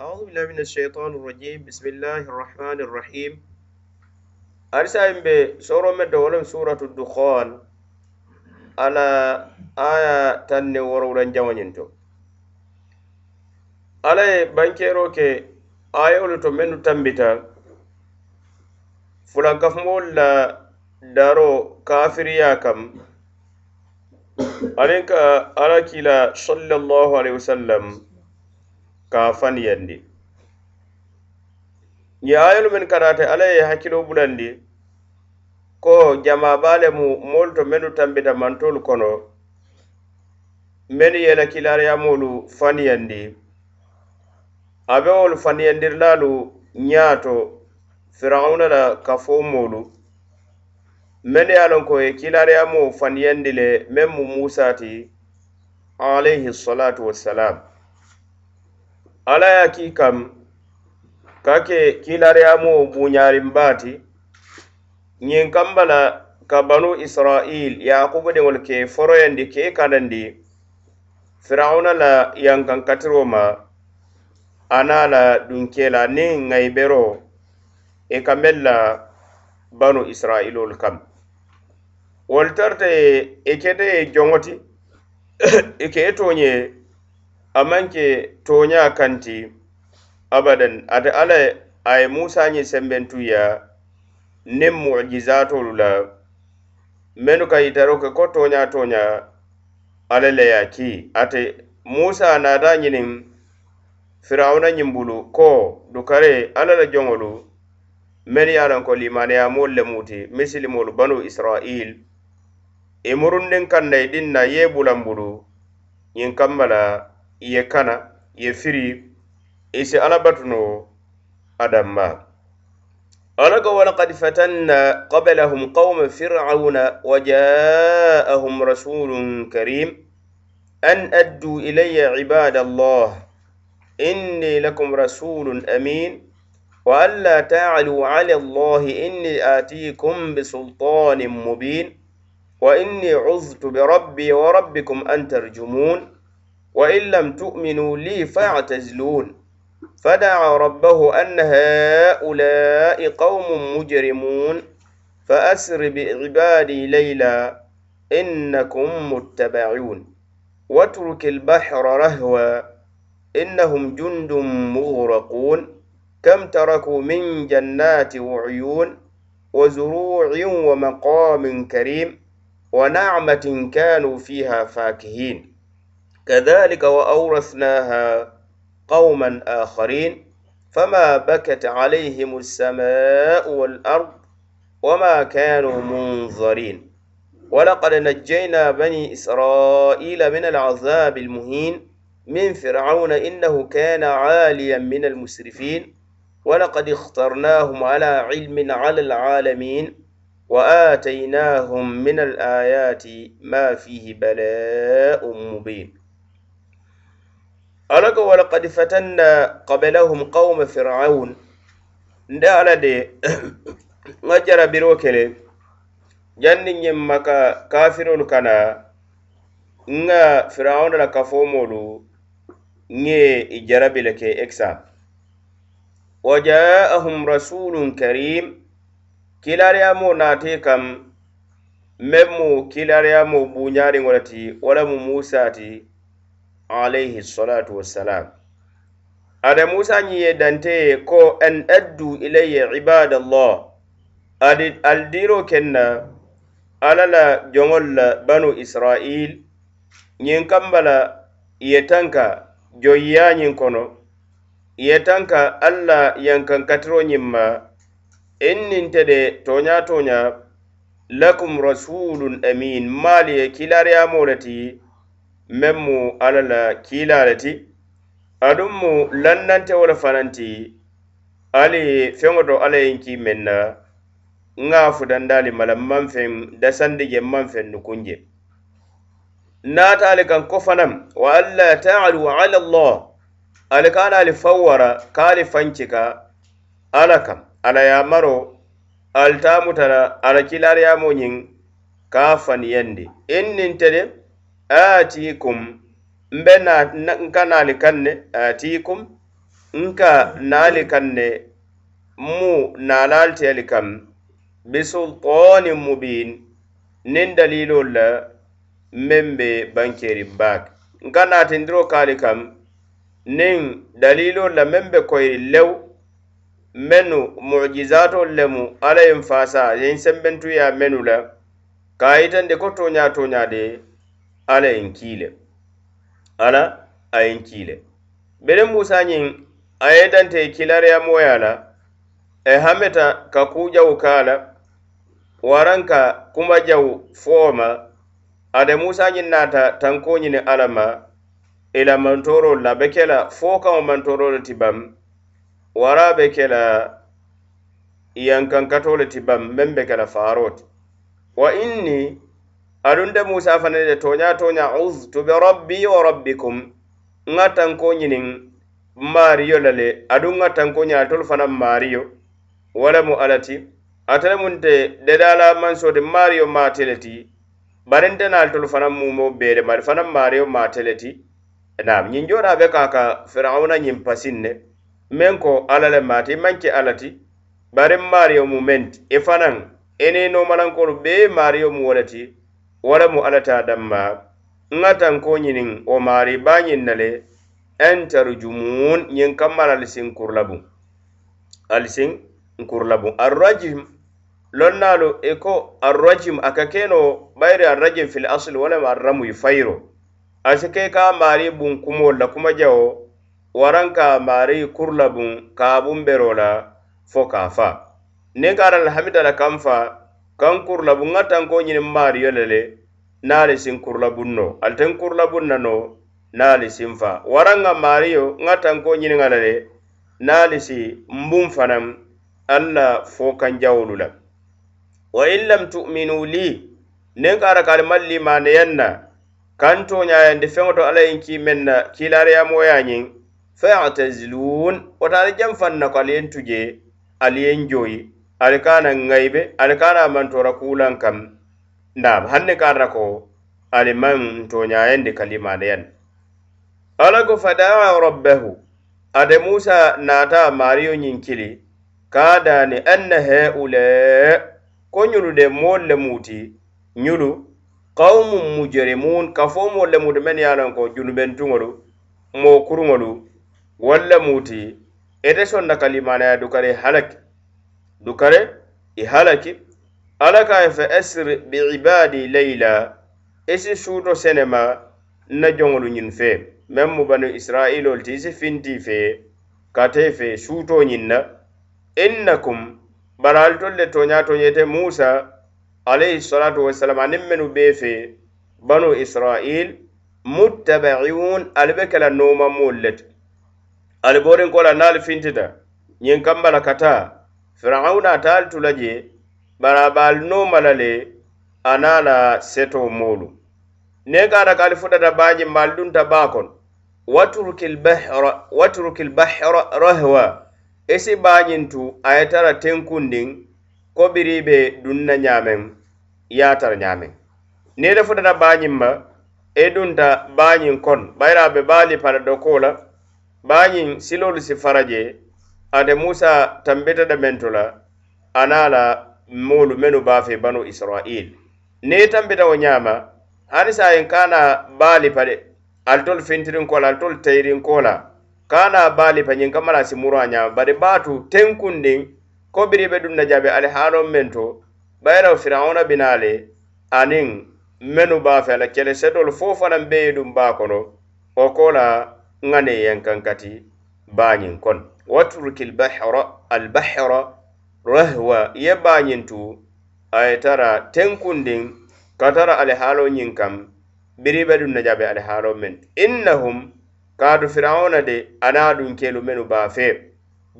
أعوذ بالله من الشيطان الرجيم بسم الله الرحمن الرحيم أرسل بسورة مدى ولم سورة الدخان على آية تن ورولا جوانينتو على بانكيروك آية ولتو من تنبتا فلان كفمول لا دارو كافريا كم عليك على كلا صلى الله عليه وسلم kafan yandi ye ayolu min karate alla ye hakkilo bulandi ko jama balemu molu to menu tambita mantolu kono menu yela kilariyamolu faniyandi abewolu faniyandirilalu ñato firauna la kafo molu menu ye lon ko ye kilariyamo faniyandi le men mu musati alayhi salatu wassalam ala ya ki kam ka ke kilariyamo buñarinbaati ñiŋ kamba la ka banu israil yakubu diŋolu ke foroyandi ke kanandi firauna la yankan katiro ma ana la dunke la niŋ ŋayibero i e ka mel la banu israilolu kam wolu tarta ye i e kete ye joŋoti i ke toñe amanke toña kanti abadan ate ala ay musa ñi sembentuya nin mujizatolu la menu ka yitaro ke ko toña toña ala leya ki ate musa nada ñinin firawuna ñimbulu ko dukare ala la joŋolu men ye lanko limaniya moolu le muti misilimolu banu israil imurundin kan nai din na ye bulan bulu yin kammala ye kana ye firi i si alabatuno adamma ala ko walakad fatanna qablahum qauma firauna wa jaahum rasulun karim an addu ilaya ibada allah inni lakum rasulun amin wa an la tacluu cala allahi inni aatiikum bisulطanin mubin wa inni cudtu birabbi wa rabbikum an tarjumuun وإن لم تؤمنوا لي فاعتزلون فدعا ربه أن هؤلاء قوم مجرمون فأسر بعبادي ليلا إنكم متبعون واترك البحر رهوا إنهم جند مغرقون كم تركوا من جنات وعيون وزروع ومقام كريم ونعمة كانوا فيها فاكهين كذلك وأورثناها قوما آخرين فما بكت عليهم السماء والأرض وما كانوا منظرين ولقد نجينا بني إسرائيل من العذاب المهين من فرعون إنه كان عاليا من المسرفين ولقد اخترناهم على علم على العالمين وآتيناهم من الآيات ما فيه بلاء مبين alaka wala qad fatanna qablahum qauma fir'aun nde ala de ŋa jarabiro kele janni ñiŋ maka kafirolu kana nga fir'auna la kafomolu ŋe i jarabi le ke exemple wa ja'ahum rasulun karim kilariyamo naate kam meŋ mu kilariyamo buñariŋo le ti wala mu musa ti alayhi salatu wassalam ada musa ñiŋye dante ye ko an addu ilayya ibadallah adi al diro kenna ala la joŋol la banu israil ñiŋ kamba la yetan ka joyyaañiŋ kono yetan ka alla yankankatiro ñiŋ ma inninte de toña toña lakum rasulun amin maali ye kilariyamo le tii meŋ mu alla la kiilaa le ti aduŋ mu lannante wo le fanaŋ ti ali feŋo to alla ye kii meŋ na nŋa futandaali mala maŋ feŋ dasandi je maŋ feŋ nukuŋ je naata ali kaŋ ko fanaŋ wa alla taalu ala allah ali ka ala ali fawwara ka ali fancika alla kam ala ye maro ali taamuta la ala kilaariyaamo ñiŋ ka a faniyandi in te de atikum mbe na nka naali kan ne atikum nka naali kan ne mu naalaalteeli kam bisultanin mubin nin dalilol la meŋ be bankerin baake nka naatindiro kaali kam nin dalilol la meŋ be koyri lew mennu mujizatol lemu alla yin faasa yin sembentuya menu la kaayitandi ko toña toña de ala ye kiile ala a ye bere musa ñiŋ a ye dante kilariya moya la e hameta ka kujawu ka a la waraŋ ka kumajawu ade musa ñiŋ naata tanko ñini ala ma i la mantorolu la be kela la foo kaŋo mantorolu ti bam wara be ke la yankankatolu ti bam meŋ be ke la faaro ti wa inni aɗum de musa fana de toña toña ustu be rabbi wa rabbikum nga tanko ñinin mariyo lale aɗum nga tanko ñatol fana mariyo walamu alati atele munte dedala mansode mariyo mateleti barintenal tol fana mumo bede mari fana mariyo mateleti naam ñin joɗa be kaka firauna ñin pasinne men ko alale mati manke alati bari mariyo mu menti e fanan eni nomalankolu be mariyo mu woleti waramu alata damma nga tanko ɲinin wo mari bañin nale intarjumun ñin kammal alisin kurlabu alisin nkurlabu arrajim lonnalu iko arrajim aka keno bayri arrajim fil asli walama arramuy fayro asi ke ka mari bun kumol la kuma jawo waran ka mari kurlabun kabun berola fo kafa nin ka aral hamidala kam fa kan kurla bu ŋa tanko ñini maari yo le le naali sin kurla bun no ali ten kurla bun na no naali sin fa waraŋ ŋa maari yo ŋa tanko ñini ŋa le le naali si mbun fanaŋ al la fo kanjawolu la wa in lam tuminu li nin ka arakali mali limaneyaŋ na kanto ñayandi feŋo to alla yin kimen na kilariyamoyañiŋ fa'tazilun wata ali jam fan na ko ali yen tuje ali yen joyi ali kana ŋayibe ali kana mantora kulan kam ndam hanne kanra ko ali man toñayendi kalimaneyan ala go fadaa rabbahu ade musa nata mariyo ñinkili kadani anna heule ko ñulu de mol le muti ñulu qawmu mujrimun kafo mol le muti men yalon ko junubentuŋolu mo kuruŋolu walla muti ete sonna kalimaneya dukari halake dukare i halaki ala kaye fe esri bi ibadi layla isi e suuto senema nna joŋolu ñin fe meŋ mu banu israilol ti isi finti fe kate fe suuto ñin na innakum bari ali tol le toña toñete musa alayhi salatu wasalam aniŋ menu bee fe banu israil muttabaiun ali be kela nomanmol le ti ali borinkola naali fintita ñiŋ kambala kataa firawuna taalu tula je bara baalu nomala le ana la seto moolu nen kata kali futata baaje maalu dunta baa kono waturkil bahra rahwa esi baañintu aye tara tenkundin kobiribe dunna ñaameŋ yatar ñaameŋ ni le futata baañinma e dunta baañin kon bayiraabe baali pala dokola baañin siloolu si faraje ate musa tambita da mentula anala mulu menu bafe banu israil ne tambita wo nyama hani sa yin kana bali pade altol fintirin kola altol tayirin kola kana bali pa nyin kamala si muru nyama bade batu tenkundin ko biri be dum na jabe ale halo mento bayra fir'auna binale anin menu bafe la kele sedol fofana be dum bakono o kola ngane yen kankati bañin kono watruki albahra rahwa ye bañintu aye tara tenkundin katara alihalo ñin kam biribedu na jabe alihalo men innahum kaadu firawna de ana dun kelu menu bafe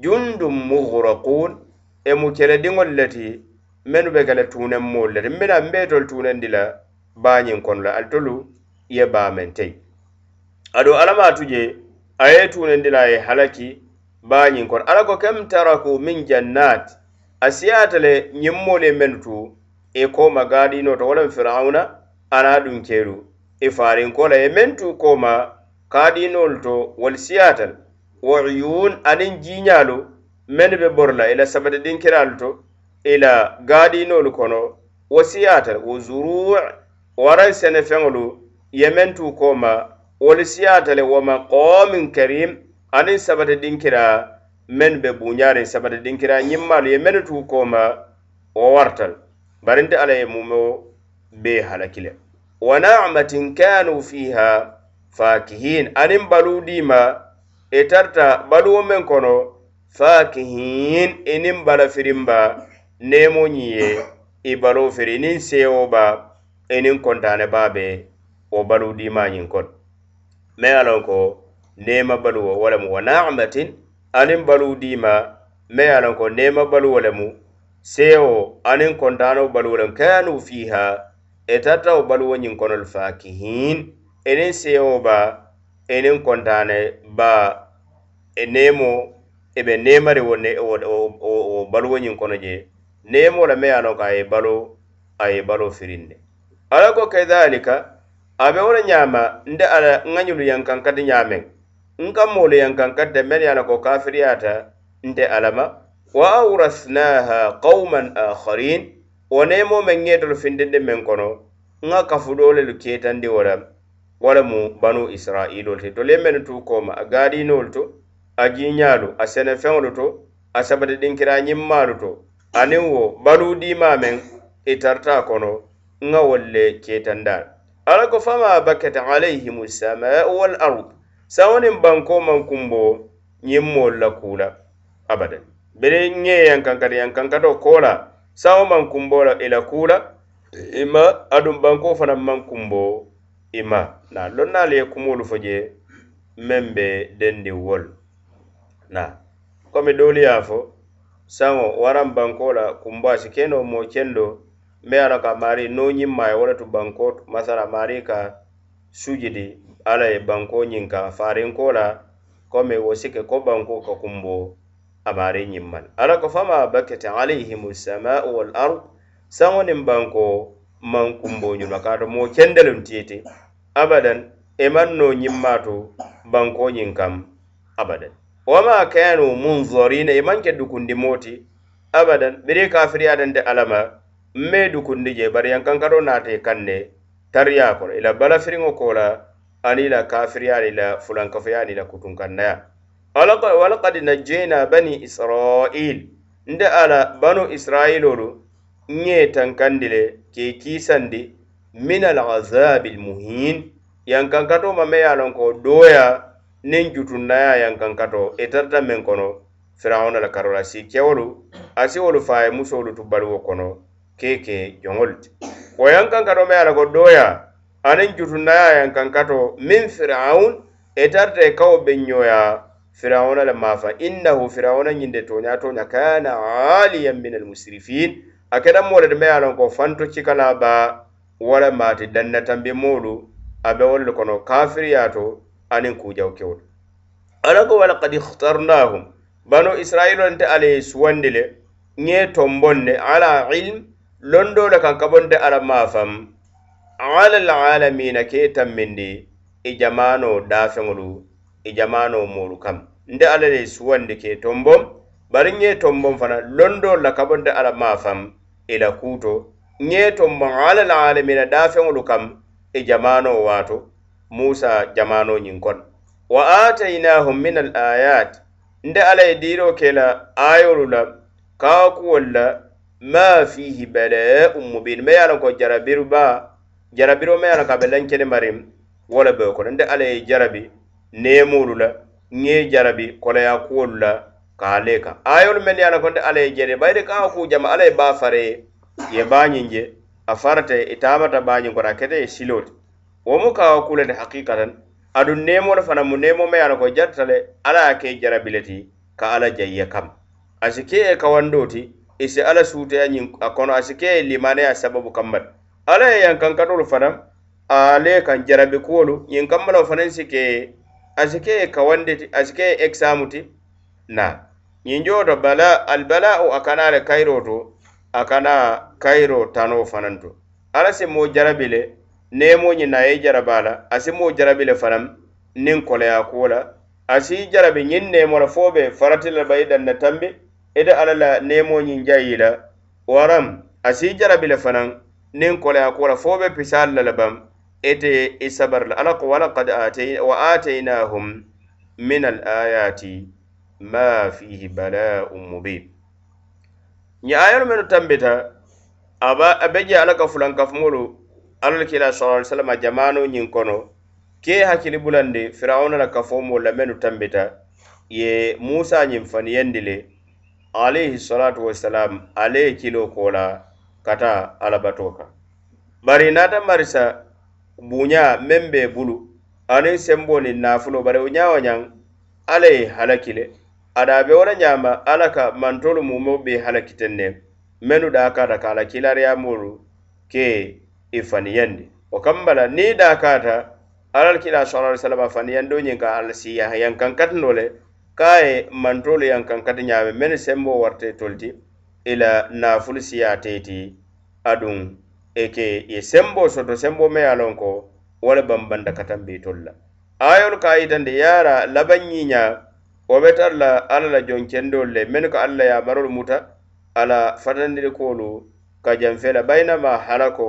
jundum mugrakun emu kele diŋol leti menu be gele tunen mol leti mbina mbetol tunendi la bañin kono la alitolu ye bamen tey aɗo alamatu je aye tunendi la ye halaki bañin kono ala ko kem taraku min jannat asiyata le ñimmole menu tu e koma gaadino to wolam firauna ana dun keru e farin kola e mentu koma kaadinol to wol siyatal wo uyun anin jiñalu menu be borla ila sabata dinkiralu to ila gaadinolu kono wo siyatal wo zuruu waran sene feŋolu ye mentu koma wol siyatale wo maqomin karim aniŋ sabati dinkira menu be buñariŋ sabati dinkira ñimmaalu ye menu tuu kooma wo warta l bari nte alla ye mumo bee halaki le wa naamatin kanu fiha fakihin aniŋ baluu diima itarta e baluwo meŋ kono fakihin i niŋ bala firinba neemo ñiŋ ye i baloo firi i niŋ seewo ba i niŋ kontane baa be wo baluu diimaa ñiŋ kono me ye loŋ ko nema baluwo wolemu wa nametin anin baluu dima me ye lanko nema baluwo lemu seo anin kontano baluwo lemu kayanu fiha etatao baluwo ñin konol fakihin enin seo ba enin kontane ba e nemo ebe nemari wo baluwo ñin kono je nemo la me ye lanko aye balo aye balo firinde alako kedhalika abe wole ñama nde ala ŋañulu yankan kati ñameŋ n ka moolu yaŋ kaŋ ka demen ye a la ko kafiriyaata nte alla ma wa awrasnaha qawman akharin wo neemoo meŋ ŋeetolu findinde meŋ kono n ŋa kafudoolelu keetandi wo la wo le mu banu israilolu ti tolu ye mennu tuu kooma a gaadiinoolu to a jiiñaalu a senefeŋolu to a sabati dinkiraa ñimmaalu to aniŋ wo baluu diimaa meŋ itarataa kono n ŋa wolu le keetandaa alla ko famaa bakkete alayhimu samaa walardu sawonin banko man kumbo ñiŋ mool la kula abadan bere ŋe yankankati yankankato kola sawo man kumbo la ila kula ima adum banko fana man kumbo ima na lonnaali ye kumolu fo je meŋ be dendi wol na komi doolu ye fo saŋo waraŋ banko la kumbo asi keno moo kendo me ara ka mari no ñiŋ maye wo le tu banko masara mari ka sujidi ala ye banko ñiŋ kaŋ faarinko la komi wo si ko banko ka kumbo amaari ñiŋ ala ko fama bakete alayhimu ssama'u wal ard saŋo niŋ banko maŋ kumbo ñuma kaatu moo kendelum tiyete abadan i n'o noo banko ñiŋ kam abadan wama kanu munzorina i maŋ ke dukundimoo ti abadan biri kafiriyadante alla ma alama me dukundi je bari yankankaro naata i kaŋ ne tariya kono ila bala firiŋo ko la alila kafiriya alila fulankafaya alila kutunkandaya walakad najaina bani israil nde ala banu israilolu nye tankandile ke kisandi min alazabi lmuhin yankankato mame ya lonko doya nin jutunnaya yankankato itarta e men kono firauna la karola si kewolu asi wolu faye musolu tubbaluwo kono keke joŋolti wo yankankato me ye alako doya aniŋ jutunayayaŋ kaŋ kato miŋ firaun etarta e kawo be ñoya firawuna le maafa innahu firawuna ñinde toña toña kana aliyan min almusrifin a keta moo le tumaye lonko fanto cikala ba wala maati danna tambi moolu a be wolle kono kafiriyato aniŋ kujaw kewol ala ko walakad ihtarnahum banu israil onte ala ye suwandi le ñe tombonde ala ilm londo le kaŋ kabonte ala maafam alal alamina ke tammindi i e jamano dafeŋolu i e jamano moolu kam nde alla le suwandi ke tombom bari ye tombom fana londo e la kabonde ala mafam i la kuto ye tombo alal alamina dafeŋolu kam i jamano wato musa jamano ñiŋ kono wa atainahum min al ayat nde alla ye diiro ke la ayolu la kaakuwol la ma fihi balaun mubin me ye a lanko jarabiru baa jarabiro ma yala kabe lan kene mari wala be ko nde ale jarabi nemulu la nge jarabi kola ya kulla ka aleka ayol men yala ko nde ale jere bayde ka ku jama ale ba fare ye ba nyinje afarate itamata ba nyin gora kete e silot wo mu ka kula ne hakikatan adu nemo la fana mu nemo ma yala ko jattale ala ya ke jarabi leti ka ala jayya kam asike e kawandoti isi e ala suute a nyin akono asike e limane ya sababu kambat ala ye yan kankatolu fanan ale kan jarabi kuwolu yin kanmalaw fanan sike asike ye kawande ti asike ye exam ti na yin joto bala albala'u akana le kayiro to akana kayiro tano fanan to ala si mo jarabi le nemo ñin na ye jaraba la asi mo jarabi le fanan nin koleya kuwo la asi jarabi ñin nemo la fo be farati la bayi danna tambi ite e ala la nemo ñin jayi la waram asi jarabi le fanan niŋ koleya kuwo la fo be pisaali la labaŋ ite i sabari la ala ko walakad wa ataynahum min al ayati ma fihi balaun mubin ñe ayolu menu tambita aba abe je ala ka fulankafumolu alla la kila sal ali sallama jamano ñiŋ kono ke hakkili bulandi firawuna la kafomolu la menu tambita ye musa ñiŋ faniyandi le alayhi salatu wassalam ala ye kiloo ko la kata alabato kan bari nata marisa buɲa men be bulu ani semboni nafulo bari wo ɲawa ɲaŋ alla ye halakile ada be wo la ɲama alla ka mantolu mumo be halakiten ne mennu dakata ka ala kilariyamolu ke i faniyandi wo kambala ni dakata alla l kila sala ali sallama faniyando ɲiŋ ka alla si yaha yankankati no le ka ye mantolu yankankati ɲame mennu sembo warta toliti ila naful siyateti adun eke ye sembo soto sembo meya lon ko wala bambanda katan bitol la ayol ka yitandi yara laban ɲiɲa wo be tar la alla la jonkendol le menu ka alla yamarol muta ala fatandiri koolu ka janfe la bainama hala ko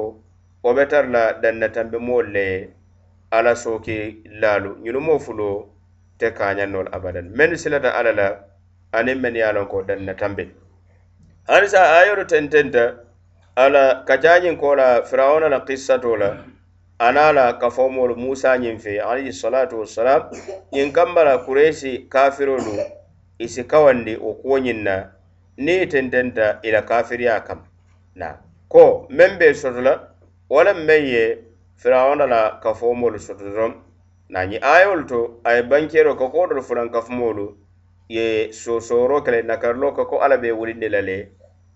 wo be tar la danna tambe mool le ala soke laalu ñunumo fulo te kaɲannol abadan menu silata alla la aniŋ men ye lon ko danna tambe halisa ayolu tententa ala kajajin ko la firawuna la kissato la ana la kafomolu musa ñiŋ fe alayhi salatu wassalam ñiŋ kamba la kuresi kafirolu isi kawandi wo kuwo na ni i tententa i la kafiriya kam na ko meŋ be soto la wo leŋ meŋ ye firawuna la kafomolu soto doroŋ na yi ayolu to a ye bankero ka kodolu fulaŋ kafumolu ye sosoro kele nakarlo ko ala be wuri la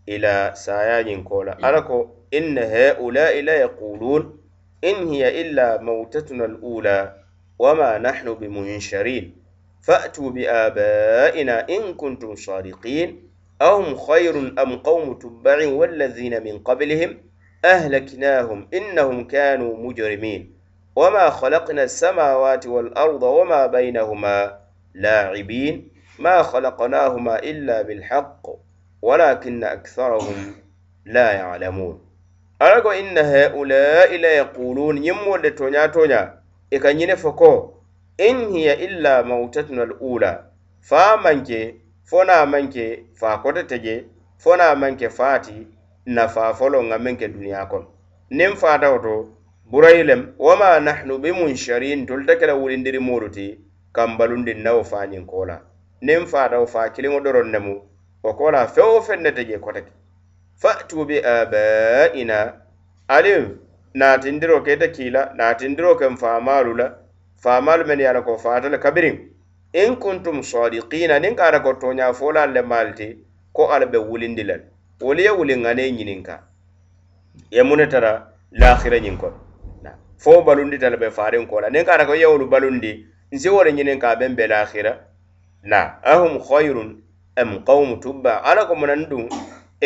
ila sayanyin kola ala ko in haula ila yaqulun in hiya illa mautatuna alula wama nahnu bimunsharin fa'tu abaina in kuntum sadiqin ahum khayrun am qawmu tubbain wallazina min qablihim ahlaknahum innahum kanu mujrimin وما خلقنا السماوات والأرض وما بينهما لاعبين ma halaqnahuma illa bilhaq walakina aktharahum la yalamun alago inna haulai la yaqulun yimmolle toña toña eka ñine fo ko in hiya illa mautatuna alula fa manke fona manke fa kote teje fona manke faati nafa folo ŋa menke duniya kono nin fatawo to burayilem wama nahnu bimunsharin tolu te kela wulindiri molu ti kambalundin nawo fañin kola nin fadaw fa kilimo doron nemu o kola fewo fenne teje kotake fatu bi abaina alim natindiro ke ta kila natindiro ken famalu la famalu men yana ko fatala kabirin in kuntum sadiqina nin kara ko tonya fola le malti ko albe wulindilal wuli ya wulin ngane nyininka ya munetara lakhira nyinko fo balundi talbe farin kola nin kara ko yawlu balundi nsi wore nyininka ben be lakhira na ahum khayrun am qawmu tubba ala ko monan dun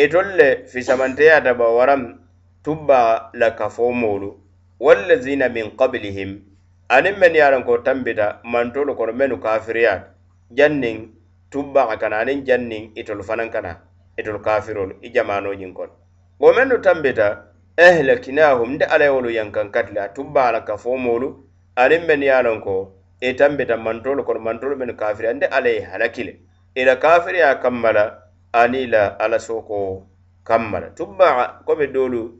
etolle fisamanteya daba waram tubba la kafo molu wallazina min qablihim anin men yaran ko tambita mantolo kono menu kafiriya jannin tubba kana anin jannin itol fanan kana itol kafirol i jamano jin kon go menu tambita ehlakinahum de alay wolu yankan katla tubba la kafo molu anin men yaran ko etan beta mantolu kono mantolu men kafiri ande ala ye halakile ila kafiriya kammala ani la ala soko kammala tumma komi doolu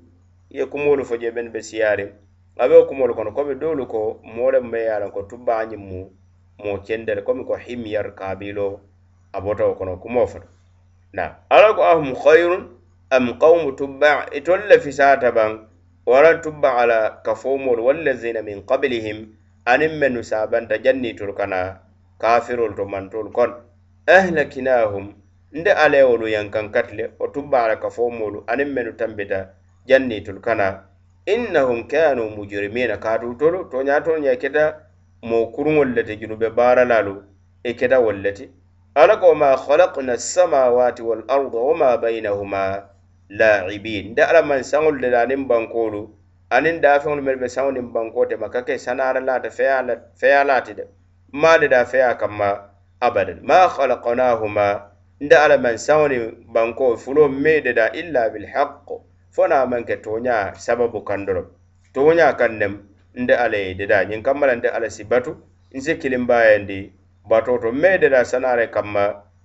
ye kumolu fo je men be siyari abe kumolu kono komi doolu ko moole mu be yalan ko tumba ñim mu mo kendere komi ko himyar kabilo abotawo kono kumo fota na ala ko ahum khayrun am qawmu tumba itolle fisata ban wala tumba ala kafomolu wallazina min qablihim anin mennu sabanta jannitol kana kafirol to mantol kon ahlakinahum nde alewolu yankan katle o tubbara ka fomolu anin mennu tambita jannitol kana innahum kanu mujrimina katutolu to ñatol ña keta mo kurŋollete junube baralalu i e keta wolleti ala ko ma halakna assamawati wal arda wama bainahuma laibin nde alamansaŋol de lanin bankolu la da fe minnu be saŋo niŋ bankoo te maka ke la laata feyaa la ti laati de maa de da feyaa kama abadan ma khalaqnahuma nda ala man saŋo banko bankoo me mee de da illa bilhaq fo na man ke tonya sababu kaŋ doroŋ tooñaa kaŋ nem nde ala ye dedaa ñiŋ kamma la nte ala si batu nsi kilimbaayandi batoo to kama me da da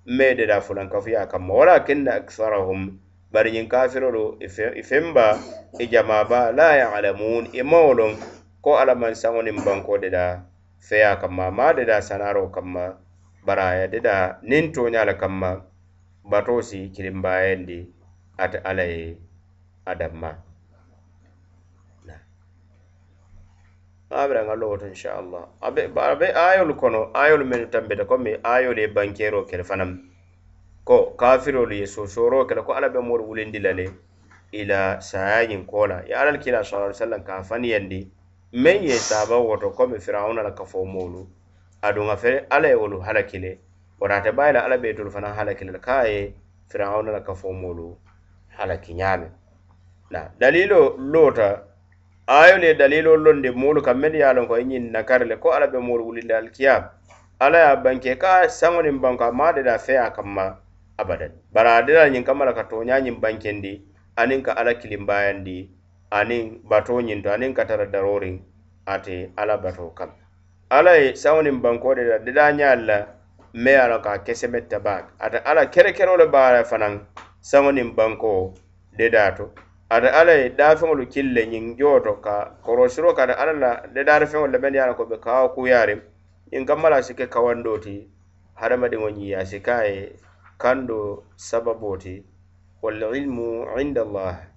mee dedaa kama wala walakinna aksarahum bari ñiŋ kafiroolu i e feŋ e ba i e jama ba la yalamun i mawo loŋ ko alla maŋ saŋo niŋ bankoo de da feya kamma ma de da sanaaroo kamma bari aye de da niŋ tooña le kamma batoo si kirimbayandi ate alla ye a danma abira nga lowoto inchallah abe abe ayol kono ayol menu tambe de comme ayol e bankero kel fanam mm. ko kafirolu ye sosoro kela ko ala be moolu wulindi la le ila sayañin kola ye alal kila sa sallam ka faniyandi meŋ ye saba woto komi firawuna la kafo moolu aduŋ a fe ala ye wolu halaki le wara ate la ala be itolu fanaŋ halaki le ka a ye firawuna la kafo moolu halaki ñaame na dalilo loota ayolu ye dalilo londi moolu kaŋ mennu ye a loŋ ko i ñiŋ nakari le ko ala be moolu wulindi alikiyama ala ye a banke ka saŋo niŋ banko a maade da fe a kamma abadan bara dira nyin kamala ka nyin banken di anin ka ala alla kilimbayandi aniŋ batoo ñiŋ to anin ka tara darooriŋ ate ala bato kam ala ye saŋo banko bankoo de la nya la me ala a loŋ ka a kesemetta ala kere-kere kerekeroo le bara fanan saunin banko de bankoo dedaa to ate alla ye da kili le ñiŋ joo to ka koroshiro ka da ala de da feŋolu le ben ye ko be kawo ku yare in kamala a si ke kawandoo ti hadamadiŋo ñiŋ ye a si ka ye kando sababoti walilmu inda allah